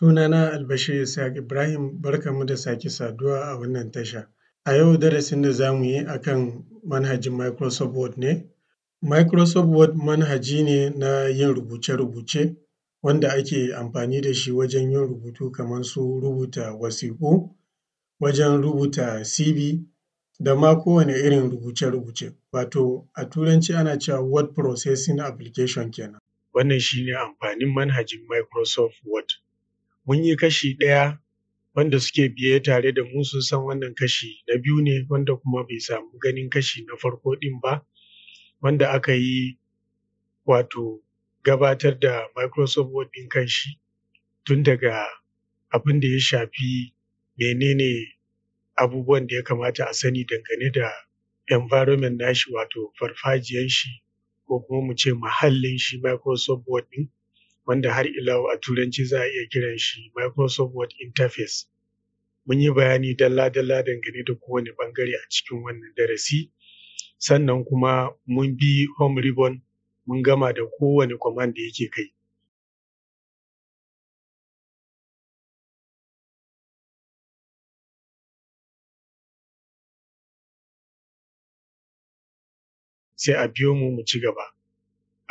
Sunana Albashir Isaac Ibrahim, mu da sake saduwa a wannan tasha. A yau darasin da za mu yi a kan manhajin Microsoft Word ne. Microsoft Word manhaji ne na yin rubuce-rubuce wanda ake amfani da shi wajen yin rubutu kamar su rubuta wasiƙu, wajen rubuta CV da ma kowane irin rubuce-rubuce. Wato a Turanci ana cewa Word Processing Application kenan. Wannan shi ne amfanin manhajin Microsoft Word. mun yi kashi ɗaya wanda suke biye tare da mu sun san wannan kashi na biyu ne wanda kuma bai samu ganin kashi na farko ɗin ba wanda aka yi wato gabatar da microsoft word ɗin kanshi tun daga abin da ya shafi menene abubuwan da ya kamata a sani dangane da environment nashi wato farfajiyan shi ko kuma mu ce mahallin shi microsoft word ɗin wanda har ila a turanci za a iya kiran shi Microsoft Word Interface. Mun yi bayani dalla-dalla dangane da kowane bangare a cikin wannan darasi, sannan kuma mun bi home ribbon mun gama da kowane command da yake kai. Sai a biyo mu mu ci gaba.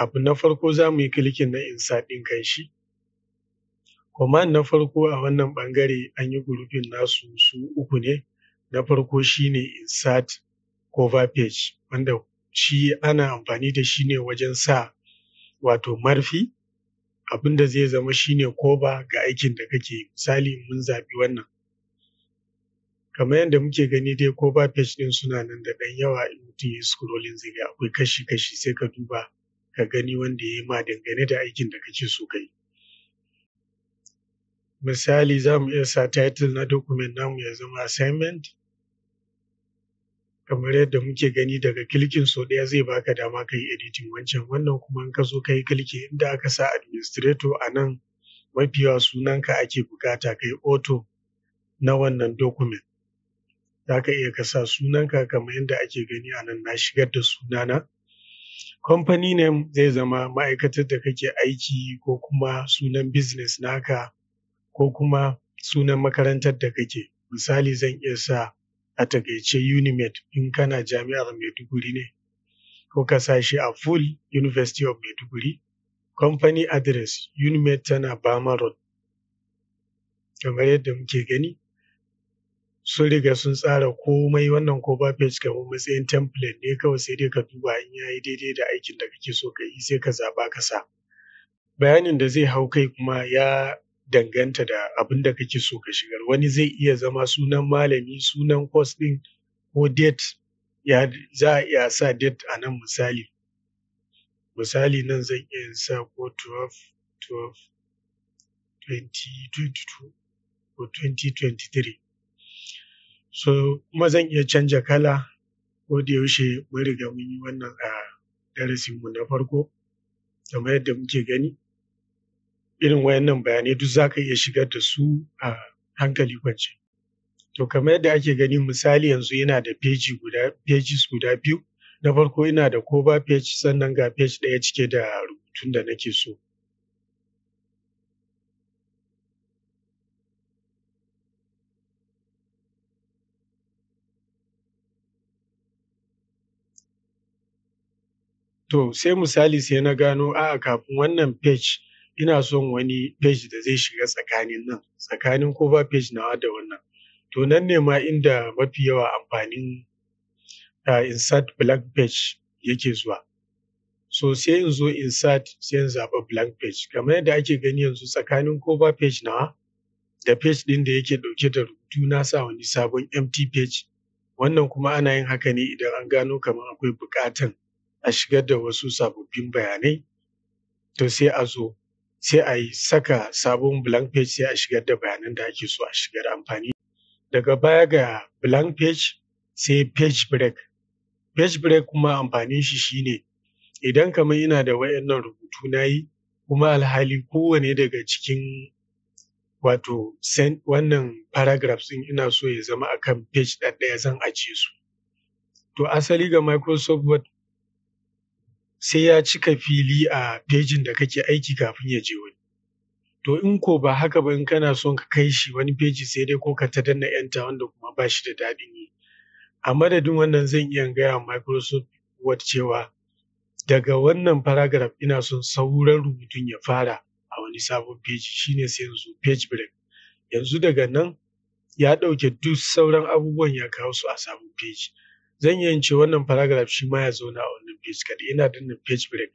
abu na farko za mu yi kilikin na insert ɗin kan shi command na farko a wannan ɓangare an yi grouping nasu su uku ne na farko shine insert cover page wanda shi ana amfani da shi ne wajen sa wato marfi abinda zai zama shine koba ga aikin da kake misali mun zabi wannan kamar yadda muke gani dai cover page ɗin suna nan da ɗan yawa in mutum ya scrolling zai ga akwai kashi kashi sai ka duba ka gani wanda ya yi ma dangane da aikin da kake so ka yi. Misali za mu iya sa title na document namu ya zama assignment kamar yadda muke gani daga kilkin so ɗaya zai baka dama ka yi editing wancan wannan kuma in ka zo ka yi kilki inda aka sa administrator a nan mafi yawa sunanka ake bukata ka yi auto na wannan document za ka iya ka sa sunanka kamar yadda ake gani a nan na shigar da sunana Company name zai zama ma'aikatar da kake aiki ko kuma sunan business naka ko kuma sunan makarantar da kake. Misali zan iya sa a takaice UNIMED in kana jami'ar Maiduguri ne, ko ka sa shi a full University of Maiduguri. Company address UNIMED tana Bama Road. Kamar yadda muke gani, sun riga sun tsara komai wannan cover page kamar matsayin template ne kawai sai dai ka duba in ya yi daidai da aikin da kake so ka yi sai ka zaba ka sa bayanin da zai hau kai kuma ya danganta da abin da kake so ka shigar wani zai iya zama sunan malami sunan course ɗin ko date ya za a iya sa date a nan misali misali nan zan iya sa ko 12 12 2022 ko 2023 So kuma zan iya canja kala ko da yaushe mun riga mun yi wannan a darasin mu na farko kamar yadda muke gani irin wayannan bayanai duk za ka iya shigar da su a hankali kwance. To kamar yadda ake gani misali yanzu yana da peji guda pages guda biyu na farko yana da cover page sannan ga page ɗaya cike da rubutun da nake so. To sai misali sai na gano a'a kafin wannan page ina son wani page da zai shiga tsakanin nan, tsakanin ko ba page nawa da wannan. To nan ne ma inda mafi yawa amfanin uh, insert blank page yake zuwa. So sai in zo insert sai in zaɓa blank page. Kamar yadda ake gani yanzu tsakanin ko ba page nawa da page ɗin da yake ɗauke da rubutu na sa wani sabon empty page. Wannan kuma ana yin haka ne idan an gano kamar akwai buƙatan a shigar da wasu sababbin bayanai to sai a zo sai a yi saka sabon blank page sai a shigar da bayanan da ake so a shigar amfani daga baya ga blank page sai page break page break kuma amfanin shi shine idan kamar ina da wayannan rubutu na yi kuma alhali kowane daga cikin wato wannan paragraphs din ina so ya zama akan page ɗaya zan ajiye su to asali ga microsoft word sai ya cika fili a fejin da kake aiki kafin ya je wani. To in ko ba haka ba in kana son ka kai shi wani feji sai dai ko ka ta danna yanta wanda kuma ba shi da daɗin yi. A madadin wannan zan iya gaya wa Microsoft Word cewa daga wannan paragraph ina son sauran rubutun ya fara a wani sabon feji shine sai yanzu page break. Yanzu daga nan ya ɗauke duk sauran abubuwan ya kawo su a sabon feji. zan iya ce wannan paragraph shi ma ya zauna a wannan page kaɗai ina danna page break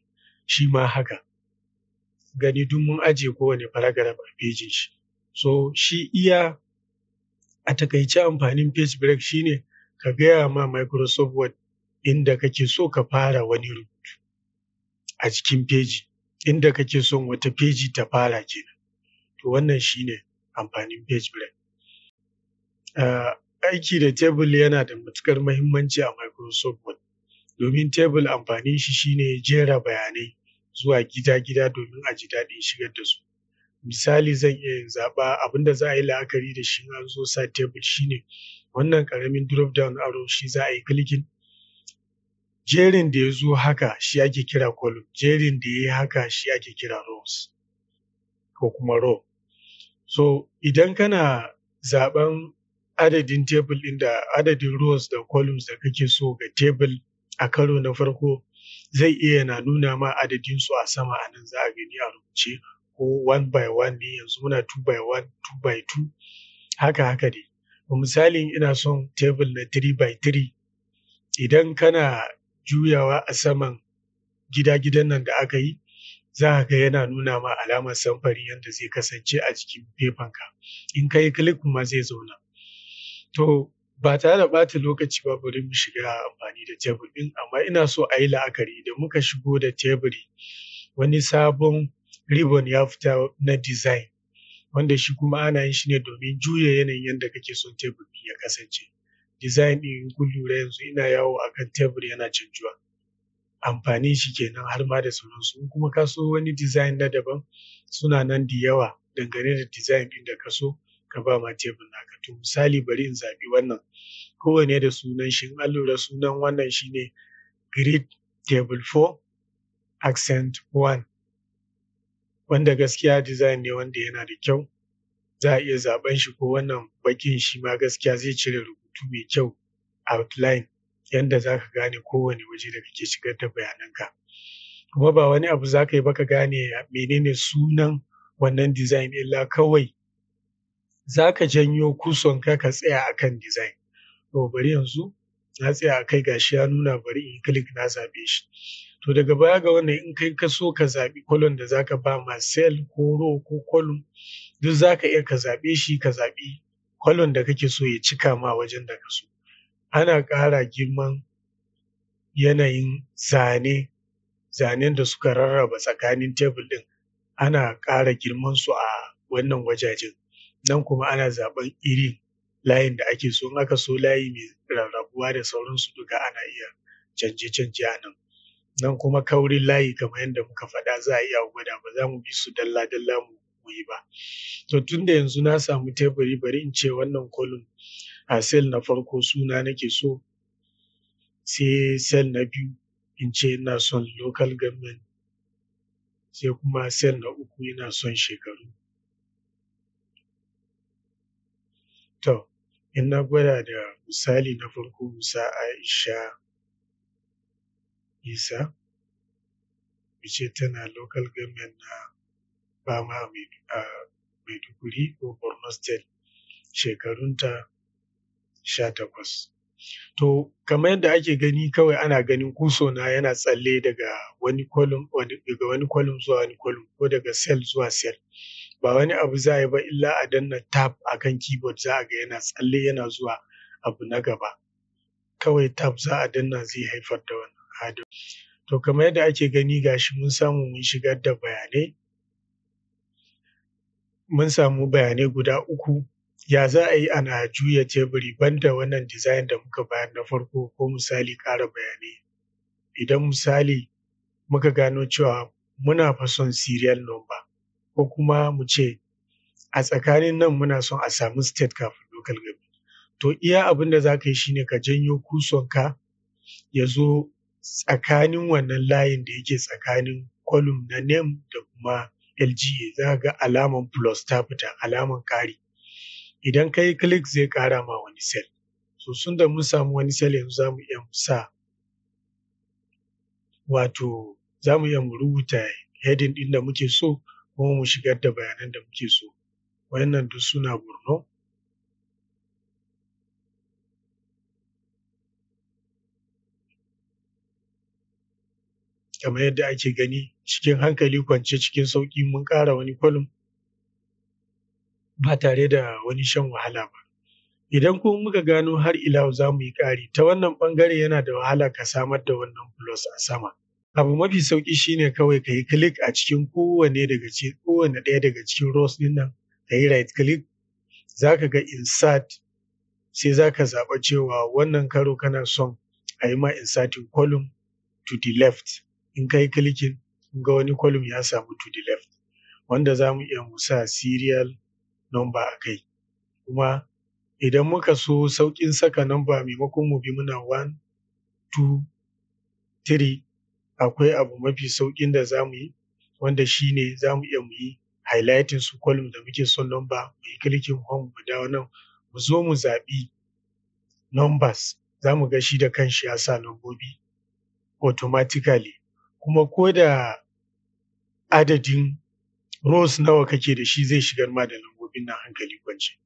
shi ma haka gani duk mun ajiye kowane paragraph a pejin shi so shi iya a takaice amfanin page break shine ka gaya ma microsoft word inda kake so ka fara wani rubutu a jikin peji inda kake son wata peji ta fara kenan to wannan shine amfanin page break ah, aiki da tebul yana da matukar muhimmanci a Microsoft Word, domin tebul amfanin shi shine jera bayanai zuwa gida-gida domin a ji daɗin shigar da su. Misali zan iya yin zaɓa abin da za a yi la'akari da shi an zo sa tebul shine wannan ƙaramin drop down arrow shi za a yi clicking. Jerin da ya zo haka shi ake kira column, jerin da ya yi haka shi ake kira rows ko kuma row. So idan kana zaɓen adadin table ɗin da adadin rows da columns da kake so ga table a karo na farko zai iya na nuna ma adadin su a sama a nan za a gani a rubuce ko one by one ne yanzu muna two by one two by two haka haka ne misali ina son table na three by three idan kana juyawa a saman gida-gidan nan da aka yi za ka ga yana nuna ma alamar samfari yadda zai kasance a jikin fefanka in ka yi click kuma zai zauna To ba tare da ɓata lokaci ba bari mu shiga amfani da tebur ɗin amma ina so a yi la'akari da muka shigo da teburi wani sabon ribbon ya fita na design wanda shi kuma ana yin shi ne domin juya yanayin yadda kake son tebur ya kasance. Design ɗin kun lura yanzu ina yawo a kan tebur yana canjuwa. amfani shi kenan har ma da sauransu in kuma ka so wani design na daban suna nan da yawa dangane da design ɗin da ka so ka ba ma tebur naka to misali bari in zaɓi wannan kowane da sunan shi an lura sunan wannan shine grid table 4 accent 1 wanda gaskiya design ne wanda yana da kyau za a iya zaben shi ko wannan bakin shi ma gaskiya zai cire rubutu mai kyau outline yanda za ka gane kowane waje da kake shigar da bayananka kuma ba wani abu za ka yi ba ka gane menene sunan wannan design illa kawai za ka janyo kuson ka ka tsaya akan design to bari yanzu na tsaya a kai gashi ya nuna bari in click na zaɓe shi to daga baya ga wannan in kai ka so ka zaɓi kolon da za ka ba ma sel ko ro ko kolon duk zaka iya ka zaɓe shi ka zaɓi kolon da kake so ya cika ma wajen da ka so ana ƙara girman yanayin zane zanen da suka rarraba tsakanin tebul ɗin ana ƙara girman su a wannan wajajen nan kuma ana zaɓan irin layin da ake so in aka so layi mai rarrabuwa da sauransu duka ana iya canje-canje a nan nan kuma kaurin layi kamar yadda muka faɗa za a iya gwada ba za mu bi su dalla-dalla mu yi ba to tun da yanzu na samu teburi bari in ce wannan kolin a sel na farko suna nake so sai sel na biyu in ce ina son local government sai kuma sel na uku ina son shekaru To, in na gwada da misali na farko Musa Aisha Isa, wace tana local government na Bama a Maiduguri ko Borno State, shekarunta sha takwas. To, kamar yadda ake gani kawai ana ganin kusona yana tsalle daga wani kwalum zuwa wani kwalum ko daga sel zuwa sel. ba wani abu za yi ba illa a danna tab a kan keyboard za a ga yana tsalle yana zuwa abu na gaba kawai tab za a danna zai haifar da wannan hadin to kamar yadda ake gani gashi mun samu mun shigar da bayanai mun samu bayanai guda uku ya za a yi ana juya teburi banda wannan design da muka bayar na farko ko misali ƙara bayanai idan misali muka gano cewa muna fa son serial number ko kuma mu ce a tsakanin nan muna son a samu state kafin local government to iya abin da za ka yi shine ka janyo kusonka ya zo tsakanin wannan layin da yake tsakanin kwalum na nem da kuma LGA za ga alaman plus ta fita alaman kari idan ka yi click zai ƙara ma wani cell so sun da mun samu wani cell yanzu za mu iya sa wato za mu iya mu rubuta heading ɗin da muke so kuma mu shigar da bayanan da muke so wayannan duk suna burno kamar yadda ake gani cikin hankali kwance cikin sauƙi mun ƙara wani kwalum ba tare da wani shan wahala ba idan kuma muka gano har ila za mu yi ƙari ta wannan ɓangare yana da wahala ka samar da wannan plus a sama abu mafi sauƙi shine kawai ka yi click a cikin kowane daga kowane ɗaya daga cikin rows ɗin nan ka yi right click za ka ga insert sai za ka zaɓa cewa wannan karo kana son a yi ma inserting column to the left in ka yi klikin, in ga wani column ya samu to the left wanda za mu iya musa serial number a kai kuma idan muka so sauƙin saka number maimakon mu bi muna 1 2 3 akwai abu mafi sauƙin da za mu yi wanda shi ne za mu iya mu yi highlighting su column da muke son number mu yi clicking home mu dawo nan mu zo mu zaɓi numbers za mu ga shi da kanshi ya sa lambobi automatically kuma ko da adadin rows nawa kake da shi zai shigar ma da lambobin nan hankali kwance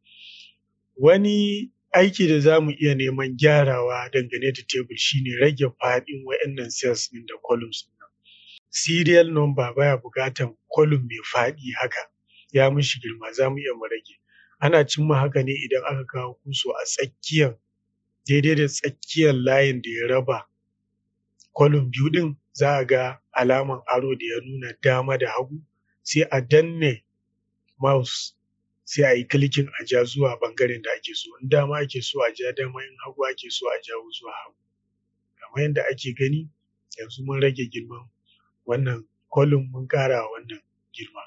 wani aiki da za mu iya neman gyarawa dangane da tebur shine rage faɗin wa'annan cells ɗin da columns ɗin. Serial number baya buƙatar column mai faɗi haka, ya mishi girma za mu iya mu rage. Ana cimma haka ne idan aka kawo kuso a tsakiyar daidai da tsakiyar layin da ya raba column biyu ɗin za a ga alaman aro da ya nuna dama da hagu sai a danne mouse sai a yi kilikin a ja zuwa bangaren da ake so in dama ake so a ja dama in hagu ake so a jawo zuwa hagu kamar yadda ake gani yanzu mun rage girman wannan kolin mun ƙara wannan girma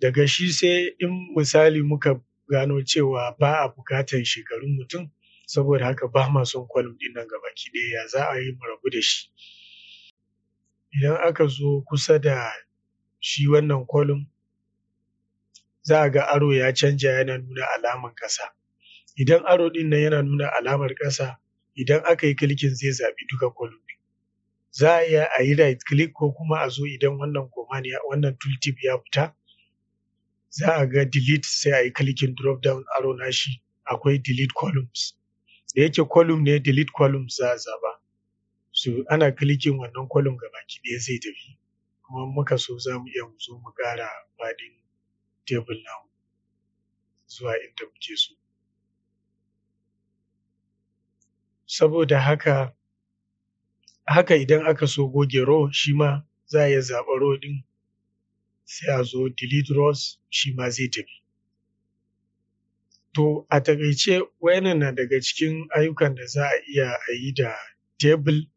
daga shi sai in misali muka gano cewa ba a buƙatar shekarun mutum saboda haka ba ma son kwalum din nan gabaki ɗaya ya za a yi mu rabu da shi idan aka zo kusa da shi wannan kwalum za a ga aro ya canja yana nuna alaman ƙasa. Idan aro ɗin nan yana nuna alamar ƙasa, idan aka yi klikin zai zaɓi duka column ɗin. Za a iya a yi right click ko kuma a zo idan wannan command ya wannan tooltip ya fita, za a ga delete sai a yi klikin drop down arrow shi. akwai delete columns. Da yake column ne delete columns za a zaɓa. So ana klikin wannan column gaba ɗaya zai tafi. Kuma muka so za mu iya mu zo mu ƙara faɗin tebul na zuwa inda muke so. Saboda haka, haka idan aka so goge row shi ma za a iya zaɓa row ɗin sai a zo delete rows shi ma zai tafi. To a taƙaice wayannan na daga cikin ayyukan da za a iya a yi da tebul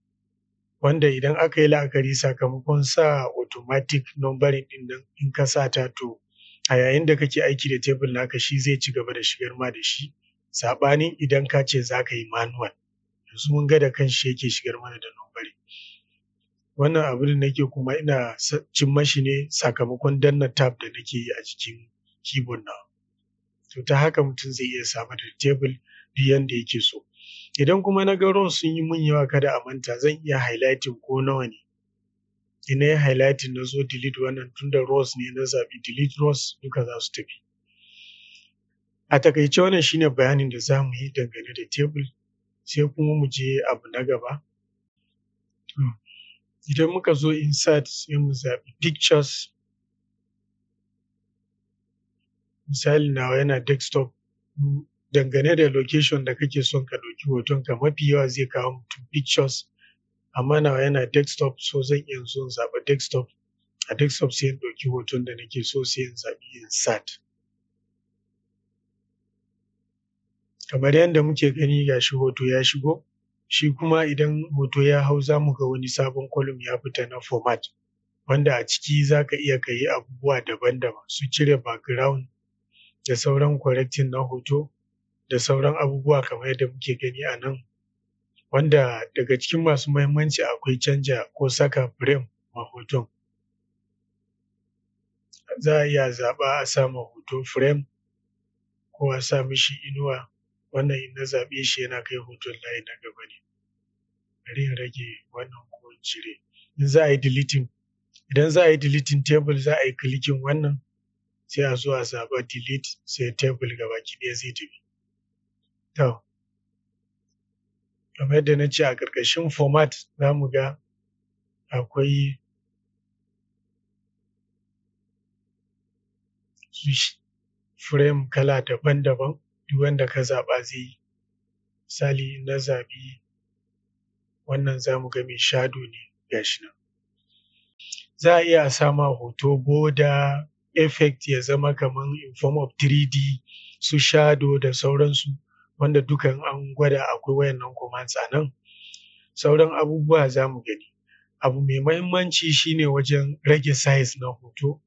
wanda idan aka yi la'akari sakamakon sa automatic numbering ɗin nan in ka sa ta to a yayin da kake aiki da tebur naka shi zai ci gaba da shigar ma da shi saɓanin idan ka ce za ka yi manual yanzu mun ga da kan shi yake shigar mana da nobari wannan abu da nake kuma ina cin mashi ne sakamakon danna tab da nake yi a jikin keyboard na to ta haka mutum zai iya samar da tebur duk yanda yake so idan kuma na ga rows sun yi mun yawa kada a manta zan iya highlighting ko nawa ne Ina yi highlighting na zo delete wannan tunda rows ne na zabi delete rows duka za su tafi a takaice wannan shine bayanin da za mu yi dangane da table sai kuma mu je abu na gaba idan muka zo insert sai mu zabi pictures misali nawa yana desktop dangane da location da kake son ka ɗauki hoton ka mafi yawa zai kawo mutum pictures amma nawa yana desktop so zan iya zo zaɓa desktop a desktop sai in ɗauki hoton da nake so sai in zaɓi insert kamar yadda muke gani shi hoto ya shigo shi kuma idan hoto ya hau za mu ga wani sabon column ya fita na format wanda a ciki za ka iya ka yi abubuwa daban-daban su cire background da sauran correcting na hoto da sauran abubuwa kamar yadda muke gani a nan wanda daga cikin masu muhimmanci akwai canja ko saka firem ma hoton. Za a iya zaɓa a sa ma hoto firem ko a sa mishi inuwa wannan in na zaɓe shi yana kai hoton layi na gaba ne. Bari in rage wannan ko in cire. In za a yi deleting idan za a yi deleting table za a yi clicking wannan sai a zo a zaɓa delete sai table gabaki ɗaya zai tafi. To kamar yadda na ce a ƙarƙashin format za mu ga akwai frame kala daban-daban duk wanda ka zaɓa zai yi misali na zaɓi wannan za mu ga mai shadow ne gashi nan za a iya sama hoto boda effect ya zama kamar in form of 3D su shadow da sauransu wanda dukan an gwada akwai wayannan commands a nan sauran abubuwa za mu gani abu mai mahimmanci shine wajen rage size na hoto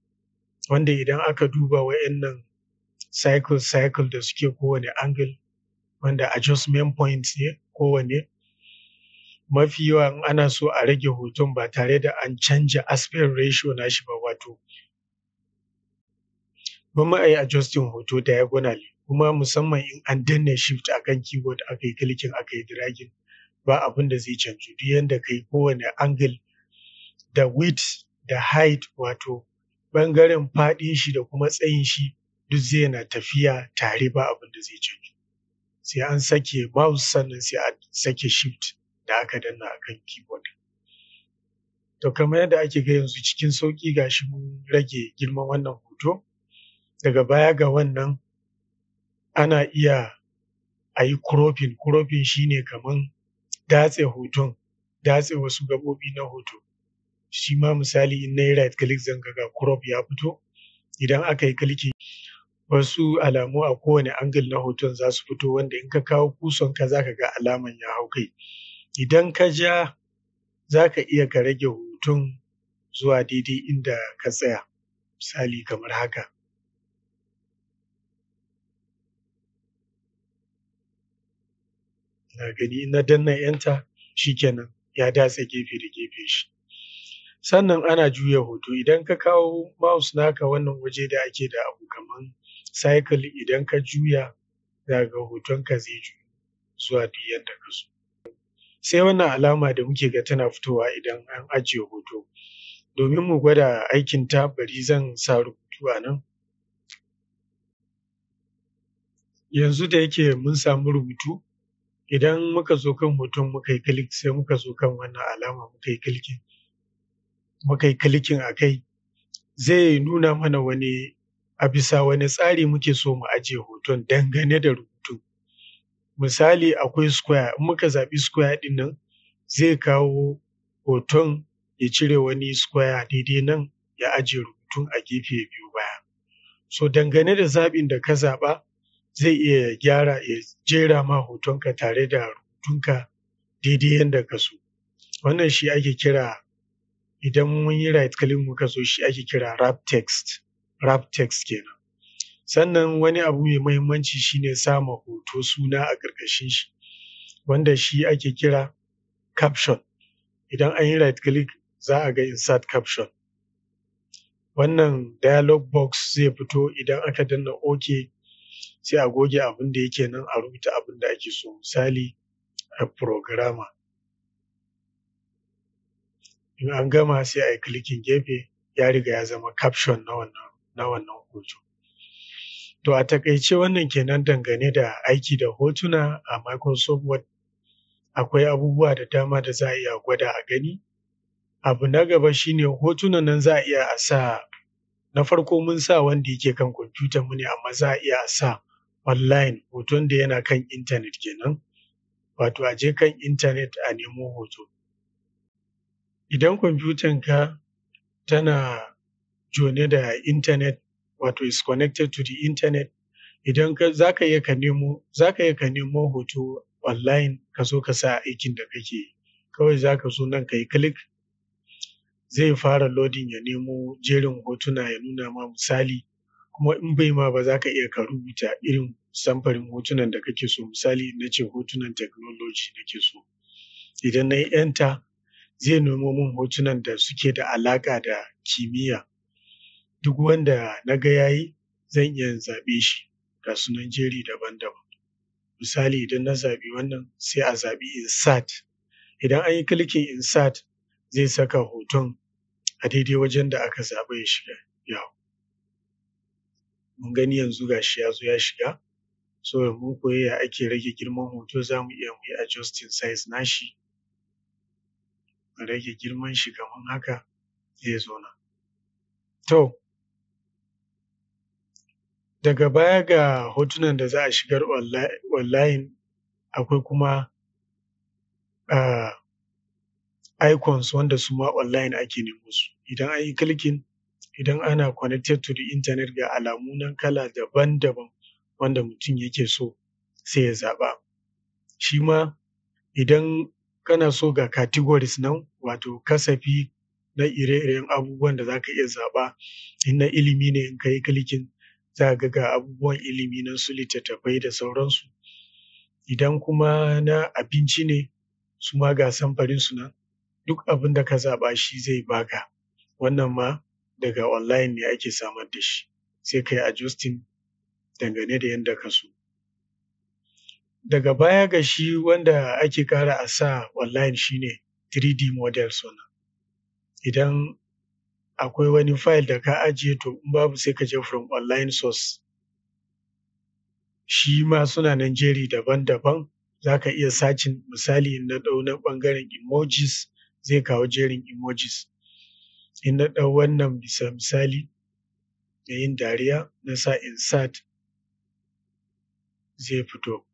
wanda idan aka duba wayannan cycle cycle da suke kowane angle wanda adjustment points ne kowane mafi yawan ana so a rage hoton ba tare da an canja aspect ratio na shi ba wato gwamma a yi adjusting hoto diagonally kuma musamman in an danne shift akan keyboard aka yi clicking aka yi dragging ba abin da zai canju duk yanda kai kowane angle da width da height wato bangaren faɗin shi da kuma tsayin shi duk zai na tafiya tare ba abin da zai canju sai an sake mouse sannan sai a sake shift da aka danna a akan keyboard to kamar yadda ake ga yanzu cikin sauƙi shi mun rage girman wannan hoto daga baya ga wannan ana iya a yi kurofin kurofin shi ne kaman datse hoton, datse wasu gaɓoɓi na hoto. Shi ma misali in na yi right click zan ga crop ya fito. Idan aka yi wasu alamu a kowane angle na hoton za su fito wanda in ka kawo kuson ka za ka ga alaman ya hau kai. Idan ka ja za ka iya ka rage hoton zuwa daidai inda ka tsaya. Misali kamar haka. na gani na danna yanta shikenan ya datse gefe da gefe shi sannan ana juya hoto idan ka kawo mouse naka wannan waje da ake da abu kaman cycle idan ka juya daga hoton ka zai juya zuwa duk yadda ka so sai wannan alama da muke ga tana fitowa idan an ajiye hoto domin mu gwada aikin ta bari zan sa rubutu a nan yanzu da yake mun samu rubutu idan muka zo kan hoton muka yi klik sai muka zo kan wannan alama muka yi klikin muka yi klikin a kai zai nuna mana wani a bisa wani tsari muke so mu ajiye hoton dangane da rubutu misali akwai square in muka zaɓi square ɗin nan zai kawo hoton ya cire wani square daidai nan ya ajiye rubutun a gefe biyu baya so dangane da zaɓin da ka zaɓa zai iya gyara ya jera ma hotonka tare da rubutunka daidai yadda ka so wannan shi ake kira idan mun yi right click muka so shi ake kira wrap text wrap text kenan sannan wani abu mai mahimmanci shine sama hoto suna a ƙarƙashin shi wanda shi ake kira caption idan an yi right click za a ga insert caption wannan dialog box zai fito idan aka danna ok sai a goge abin da yake nan a rubuta abin da ake so misali a programmer in an gama sai a yi klikin gefe ya riga ya zama caption na wannan na wannan hoto to a takaice wannan kenan dangane da aiki da hotuna a microsoft word akwai abubuwa da dama da za a iya gwada a gani abu na gaba shine hotunan nan za a iya a sa na farko mun sa wanda yake kan kwamfutar mu ne amma za a iya a sa online hoton da yana kan intanet kenan wato a je kan intanet a nemo hoto idan kwamfutanka tana jone da intanet wato is connected to the internet idan za ka iya ka nemo za iya ka nemo hoto online ka zo ka sa aikin da kake yi kawai za ka zo nan ka yi click zai fara loading ya nemo jerin hotuna ya nuna ma misali kuma in bai ma ba za ka iya ka rubuta irin samfarin hotunan da kake so misali na ce hotunan technology nake so idan na yi enter zai nemo min hotunan da suke da alaƙa da kimiyya duk wanda na ga yayi zan iya zaɓe shi ga sunan jeri daban-daban misali idan na zaɓi wannan sai a zaɓi insert idan an yi klikin insert zai saka hoton a daidai wajen da aka zaɓa ya shiga yawo mun gani yanzu ga shi ya zo ya shiga so mun koyi ya ake rage girman hoto za mu iya muyi yi adjusting size nashi mu rage girman shi kaman haka zai zo nan to daga baya ga hotunan da za a shigar online akwai kuma uh, icons wanda su ma online ake nemo su idan an yi clicking idan ana connected to the internet ga alamu nan kala daban-daban wanda mutum yake so sai ya zaɓa. Shi ma idan kana so ga categories nan wato kasafi na ire-iren abubuwan da za ka iya zaɓa in na ilimi ne in ka yi klikin za ga ga abubuwan ilimi nan su littattafai da sauransu. Idan kuma na abinci ne su ma ga samfarin su nan duk abin da ka zaɓa shi zai baka. Wannan ma daga online ne ake samar da shi sai ka yi adjusting dangane da yadda ka so daga baya ga shi wanda ake kara a sa online shine 3d model suna idan akwai wani file da ka ajiye to in babu sai ka je from online source shi ma suna nan jeri daban-daban za ka iya sacin misali na ɗau na ɓangaren emojis zai kawo jerin emojis in na ɗau wannan bisa misali da yin dariya na sa insert zai fito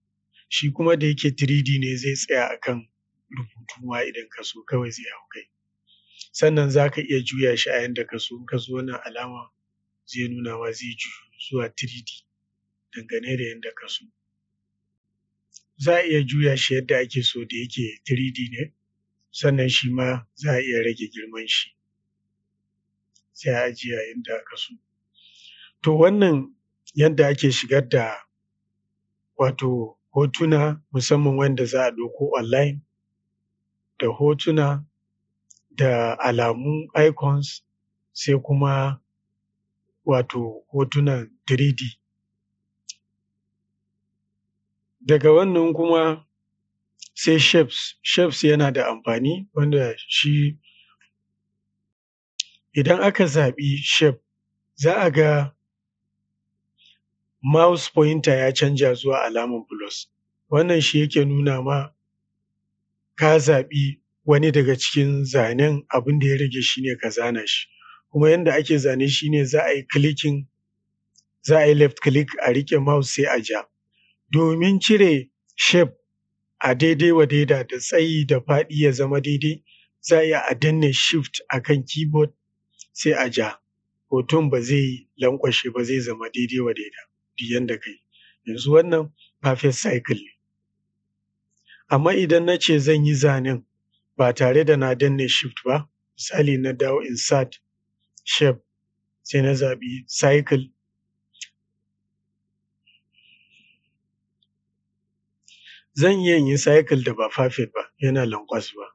shi kuma da yake 3D ne zai tsaya akan rubutu ma idan ka so kawai zai hau kai sannan za ka iya juya shi a yanda ka so in ka so wannan alama zai nuna ma zai juyu zuwa 3D dangane da yanda ka so za a iya juya shi yadda ake so da yake 3D ne sannan shi ma za a iya rage girman shi sai a ajiye da aka so to wannan yadda ake shigar da wato hotuna musamman wanda za a ɗauko online da hotuna da alamu icons sai kuma wato hotunan 3D. Daga wannan kuma sai shapes, shapes yana da amfani wanda shi idan aka zaɓi shef za a ga mouse pointer ya canja zuwa alaman plus. Wannan shi yake nuna ma ka zaɓi wani daga cikin zanen abin da ya rage shi ne ka zana shi. Kuma yadda ake zane shi ne za a yi clicking, za a yi left click a riƙe mouse sai a ja. Domin cire shef a daidai wa daida da tsayi da faɗi ya zama daidai za a iya a danne shift a kan keyboard sai a ja hoton ba zai lankwashe ba zai zama daidai wa daida duk yanda kai yanzu wannan perfect cycle ne amma idan na ce zan yi zanen ba tare da na danne shift ba misali na dawo insert shape sai na zaɓi cycle zan iya yin cycle da ba perfect ba yana lankwas ba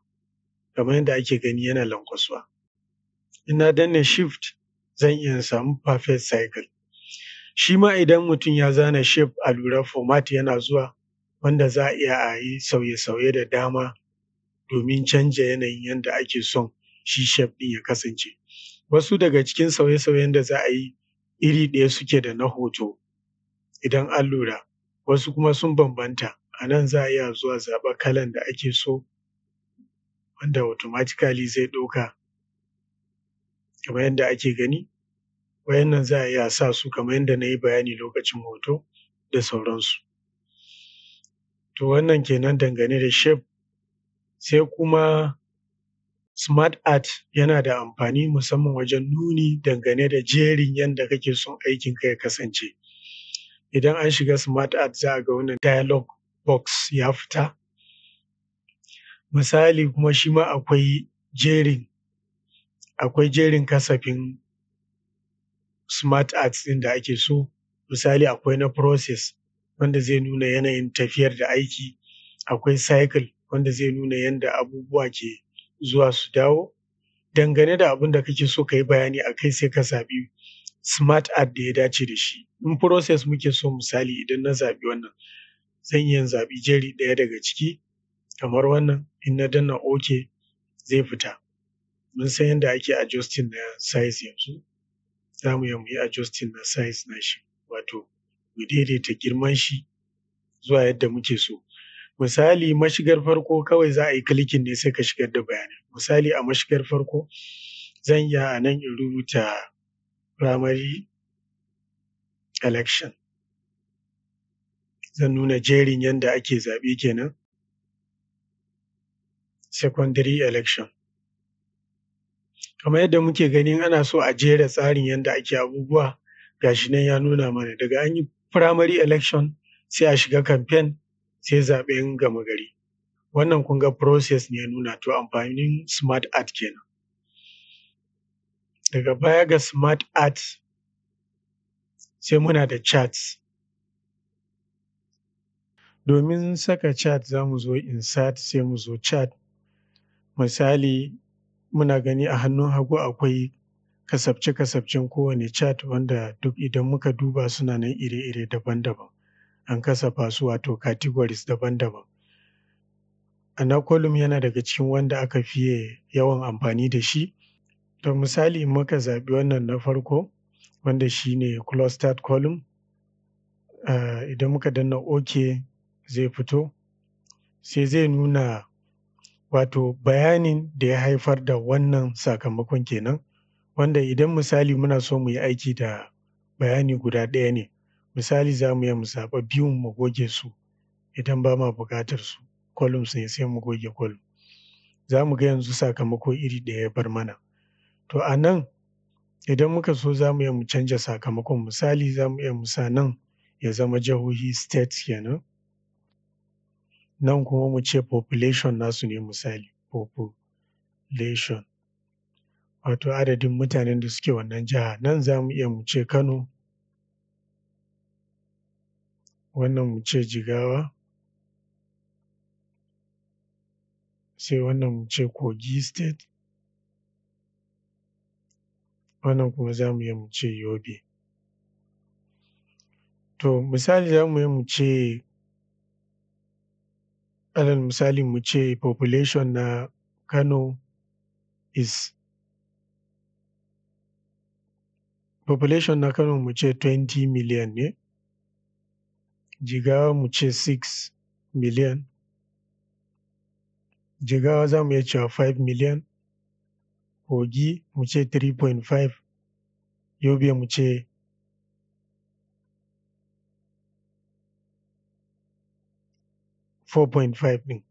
kamar yadda ake gani yana lankwaswa Ina danna shift zan iya samu perfect cycle shi ma idan mutum ya zana shift a lura format yana zuwa wanda za a iya a yi sauye-sauye da dama domin canja yanayin yadda ake son shi shift ɗin ya kasance wasu daga cikin sauye-sauyen da za a yi iri ɗaya suke da na hoto idan an lura wasu kuma sun bambanta a nan za a iya zuwa zaɓa kalan da ake so wanda automatically zai ɗauka kamar yadda ake gani wayannan za a iya sa su kamar yadda na yi bayani lokacin hoto da sauransu to wannan kenan dangane da shef, sai kuma smart art yana da amfani musamman wajen nuni dangane da jerin yadda kake son aikin ka ya kasance idan an shiga smart art za a ga wannan dialog box ya fita misali kuma shi ma akwai jerin akwai jerin kasafin smart arts ɗin da ake so misali akwai na process wanda zai nuna yanayin tafiyar da aiki akwai cycle wanda zai nuna yadda abubuwa ke zuwa su dawo dangane da abin da kake so ka yi bayani a kai sai ka zaɓi smart art da ya dace da shi in process muke so misali idan na zaɓi wannan zan iya zaɓi jeri ɗaya daga ciki kamar wannan in na danna ok zai fita mun san yadda ake adjusting na size yanzu za mu yi yi adjusting na size na shi wato mu daidaita girman shi zuwa yadda muke so misali mashigar farko kawai za a yi klikin ne sai ka shigar da bayanai misali a mashigar farko zan iya a nan in rubuta primary election zan nuna jerin yadda ake zaɓe kenan secondary election kamar yadda muke gani ana so a jera tsarin yadda ake abubuwa gashi nan ya nuna mana daga an yi primary election sai a shiga campaign sai zaben gama gari wannan kun ga process ne ya nuna to amfanin smart art kenan daga baya ga smart art sai muna da charts domin saka chat za mu zo insert sai mu zo chat misali muna gani a hannun hagu akwai kasafce-kasafcen kowane cat wanda duk idan muka duba suna nan ire-ire daban-daban an kasafa su wato categories daban-daban ana kolum yana daga cikin wanda aka fiye yawan amfani da shi to misali muka zaɓi wannan na farko wanda shi ne clustered column eh, idan muka danna ok zai fito sai zai nuna Wato bayanin da ya haifar da wannan sakamakon kenan, wanda idan misali muna so mu yi aiki da bayani guda ɗaya ne, misali za mu iya mu zaɓa biyun mu goge su idan ba ma buƙatar su, su ne sai mu goge column. Za mu ga yanzu sakamako iri ɗaya ya bar mana. To a nan idan muka so za mu iya mu canja sakamakon misali za mu iya mu nan ya zama jihohi state kenan. Nan kuma mu ce population nasu ne misali population. Wato adadin mutanen da suke wannan jiha. Nan za mu iya mu ce Kano, wannan mu ce Jigawa, sai wannan mu ce Kogi State, wannan kuma za mu iya mu ce Yobe. To misali za mu iya mu ce alal misali mu ce population na Kano is population na Kano mu ce 20 million ne, Jigawa mu ce 6 million, Jigawa za mu iya cewa 5 million, Kogi mu ce 3.5, Yobe mu ce 4.5 ɗin.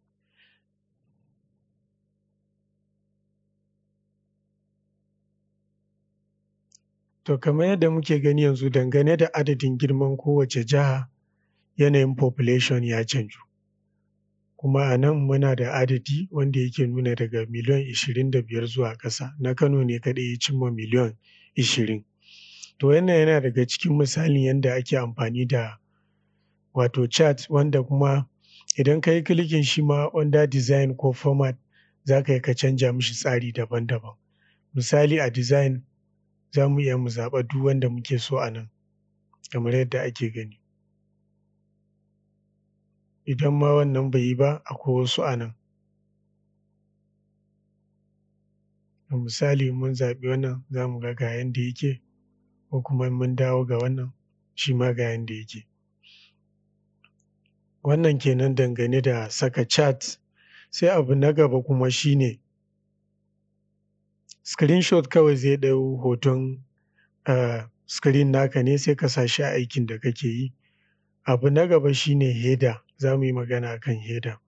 To kamar yadda muke gani yanzu dangane da adadin girman kowace jiha yanayin population ya canju. Kuma a nan muna da adadi wanda yake nuna daga miliyan ishirin da biyar zuwa ƙasa na Kano ne kaɗai ya cimma miliyan ishirin. To wannan yana daga cikin misalin yanda ake amfani da wato chart wanda kuma idan ka yi klikin shi ma under design ko format za ka yi ka canja mishi tsari daban-daban misali a design za mu iya mu zaɓa duk wanda muke so a nan kamar yadda ake gani idan ma wannan bai yi ba akwai wasu a nan misali mun zaɓi wannan za mu ga ga yanda yake ko kuma mun dawo ga wannan shi ma ga yanda yake Wannan kenan dangane da saka chat. Sai abu na gaba kuma shine screenshot kawai zai ɗau hoton, eh, screen naka ne sai ka sa shi a aikin da kake yi. Abu na gaba shine header. Za mu yi magana kan header.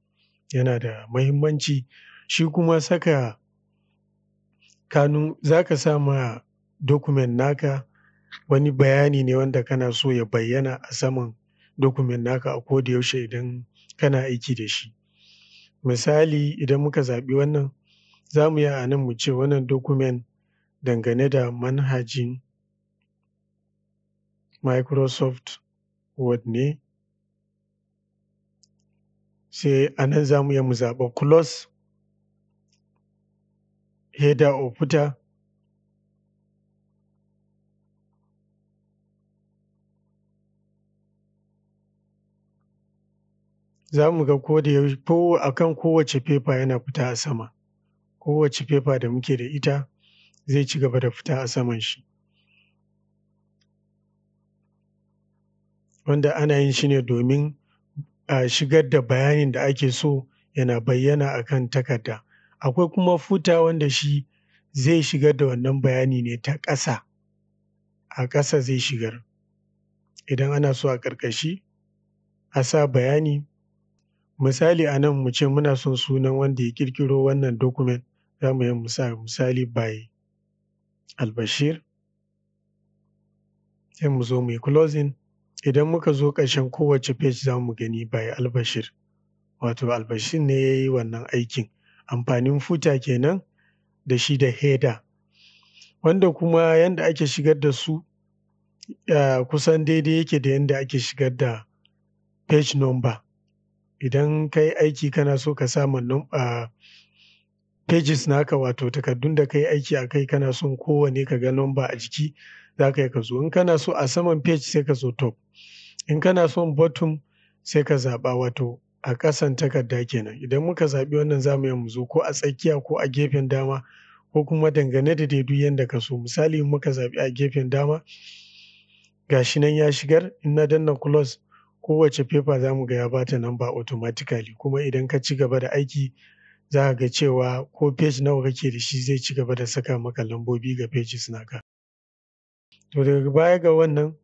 Yana da mahimmanci Shi kuma saka kanun, za ka sa ma document naka wani bayani ne wanda kana so ya bayyana a saman. document naka a koda yaushe idan kana aiki da shi. Misali idan muka zaɓi wannan, za mu iya a nan mu ce wannan dokumen dangane da manhajin Microsoft Word ne. Sai a nan za mu iya mu zaɓa close header or footer za mu ga ko da ko akan kowace fefa yana fita a sama kowace fefa da muke da ita zai ci gaba da fita a saman shi wanda ana yin shi ne domin a shigar da bayanin da ake so yana bayyana a kan takarda akwai kuma futa wanda shi zai shigar da wannan bayani ne ta ƙasa a ƙasa zai shigar idan ana so a ƙarƙashi a sa bayani Misali a nan mu ce muna son sunan wanda ya kirkiro wannan document, za mu iya misali by albashir Sai mu zo mu yi closing. Idan muka zo ƙarshen kowace page za mu gani by albashir Wato albashir ne ya yi wannan aikin. Amfanin futa kenan da shi da header. Wanda kuma yanda ake shigar da su eh, kusan daidai yake da yanda ake shigar da page number. idan ka yi aiki kana so ka sa ma a pages naka wato takardun da ka yi aiki a kai kana son kowane ka ga number a jiki za ka yi ka zo in kana so a saman page sai ka zo top in kana son bottom sai ka zaɓa wato a ƙasan takarda kenan idan muka zaɓi wannan za mu mu zo ko a tsakiya ko a gefen dama ko kuma dangane da daidu yadda ka so misali muka zaɓi a gefen dama gashi nan ya shigar in na danna close kowace fefa za mu ga ya bata namba automatically kuma idan ka ci gaba da aiki za ka ga cewa ko page nawa kake da shi zai ci gaba da saka maka lambobi ga pages naka. To daga baya ga wannan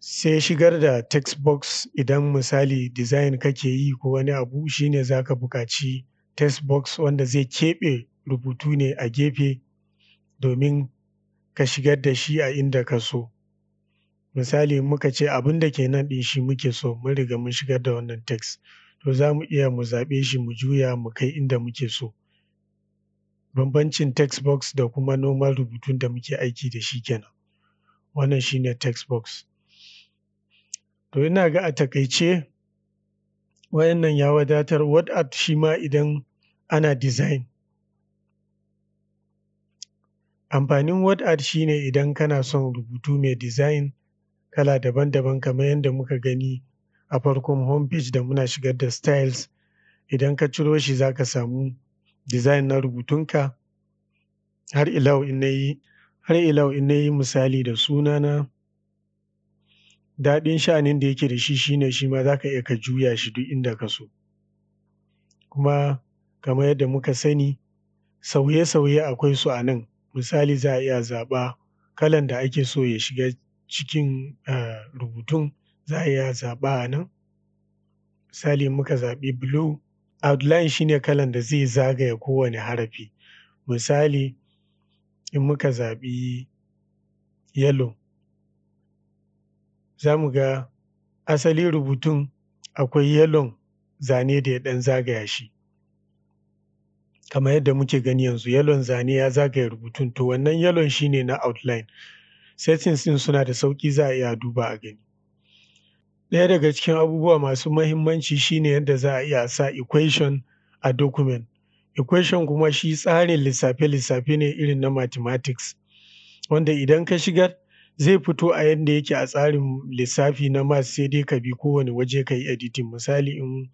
sai shigar da text box idan misali design kake yi ko wani abu shine za ka buƙaci text box wanda zai keɓe rubutu ne a gefe domin ka shigar da shi a inda ka so. misali muka ce abin da ke nan ɗin shi muke so mun riga mun shigar da wannan text to za mu iya mu zaɓe shi mu juya mu kai inda muke so bambancin text box da kuma normal rubutun da muke aiki da shi kenan wannan shi ne text box to ina ga a takaice wayannan ya wadatar what art shi ma idan ana design amfanin word art shine idan kana son rubutu mai design kala daban-daban kamar yadda muka gani a farkon homepage da muna shigar da styles idan ka ciro shi za ka samu design na rubutunka har ilau in na yi har ilau in na yi misali da sunana daɗin sha'anin da yake da shi shine shi ma za ka iya ka juya shi duk inda ka so kuma kamar yadda muka sani sauye-sauye akwai su a nan misali za a iya zaɓa kalan da ake so ya shiga cikin eh, rubutun za a iya zaɓa a nan. Misali muka zaɓi blue, outline shine kalan da zai zagaya kowane harafi. Misali in muka zaɓi yellow, za mu ga asalin rubutun akwai yellow zane da ya ɗan zagaya shi. Kamar yadda muke gani yanzu yellow zane ya zagaya rubutun to wannan yellow shine na outline. settings ɗin suna da sauƙi za a iya duba a gani. Ɗaya daga cikin abubuwa masu mahimmanci shine yadda za a iya sa equation a document. Equation kuma shi tsarin lissafe-lissafe ne irin na mathematics wanda idan ka shigar zai fito a yadda yake a tsarin lissafi na maths sai dai ka bi kowane waje ka yi editing misali in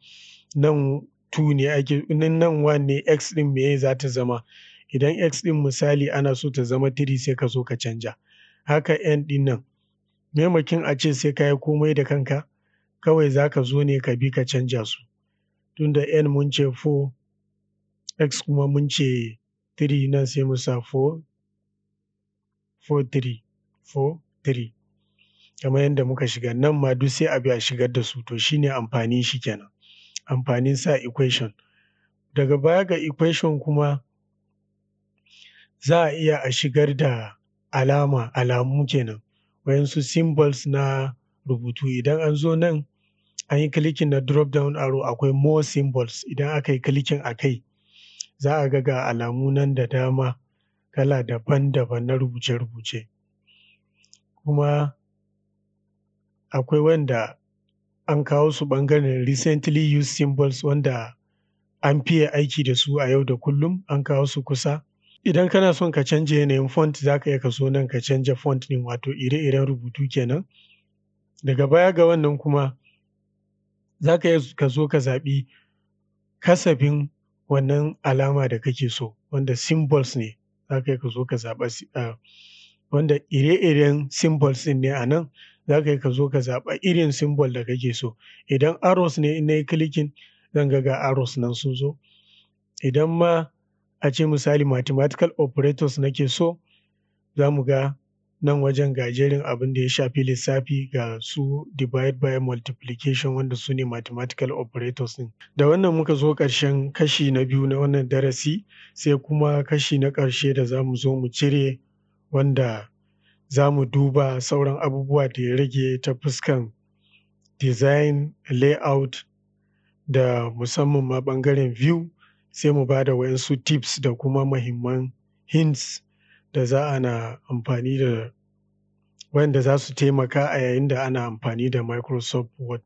nan 2 ne ake in nan 1 ne x ɗin meye za ta zama idan x din misali ana so ta zama 3 sai ka zo ka canja haka yan ɗin nan maimakin a ce sai ka yi komai da kanka kawai za ka zo ne ka bi ka canja su tunda n mun ce 4 x kuma mun ce 3 nan sai mu sa 4 3 4 3 kamar yadda muka shiga nan ma duk sai a bi a shigar da su to shine amfanin shi kenan amfanin sa equation daga baya ga equation kuma za a iya a shigar da alama alamu kenan wayansu symbols na rubutu idan an zo nan an yi klikin na drop down arrow akwai more symbols idan aka yi klikin a kai za a ga ga alamu nan da dama kala daban-daban na rubuce-rubuce kuma akwai wanda an kawo su ɓangaren recently used symbols wanda an fiye aiki da su a yau da kullum an kawo su kusa Idan kana son ka canja yanayin font za ka iya ka zo nan ka canja font ɗin wato ire-iren rubutu kenan. Daga baya ga wannan kuma za ka iya ka zo ka zaɓi kasafin wannan alama da kake so wanda symbols ne za ka iya ka zo ka zaɓa ah, wanda ire-iren symbols ɗin ne a nan za ka iya ka zo ka zaɓa irin symbol da kake so. Idan arrows ne in yi clicking zan ga ga arrows nan sun zo. Idan ma a ce misali mathematical operators nake so za mu ga nan wajen gajerin abin da ya shafi lissafi ga su divide by multiplication wanda su ne mathematical operators ɗin da wannan muka zo karshen kashi na biyu na wannan darasi sai kuma kashi na karshe da za mu zo mu cire wanda za mu duba sauran abubuwa da ya rage ta fuskan design layout da musamman ma ɓangaren view sai mu ba da waɗansu tips da kuma mahimman hints da za ana amfani da wanda za su taimaka a yayin da ana amfani da Microsoft Word.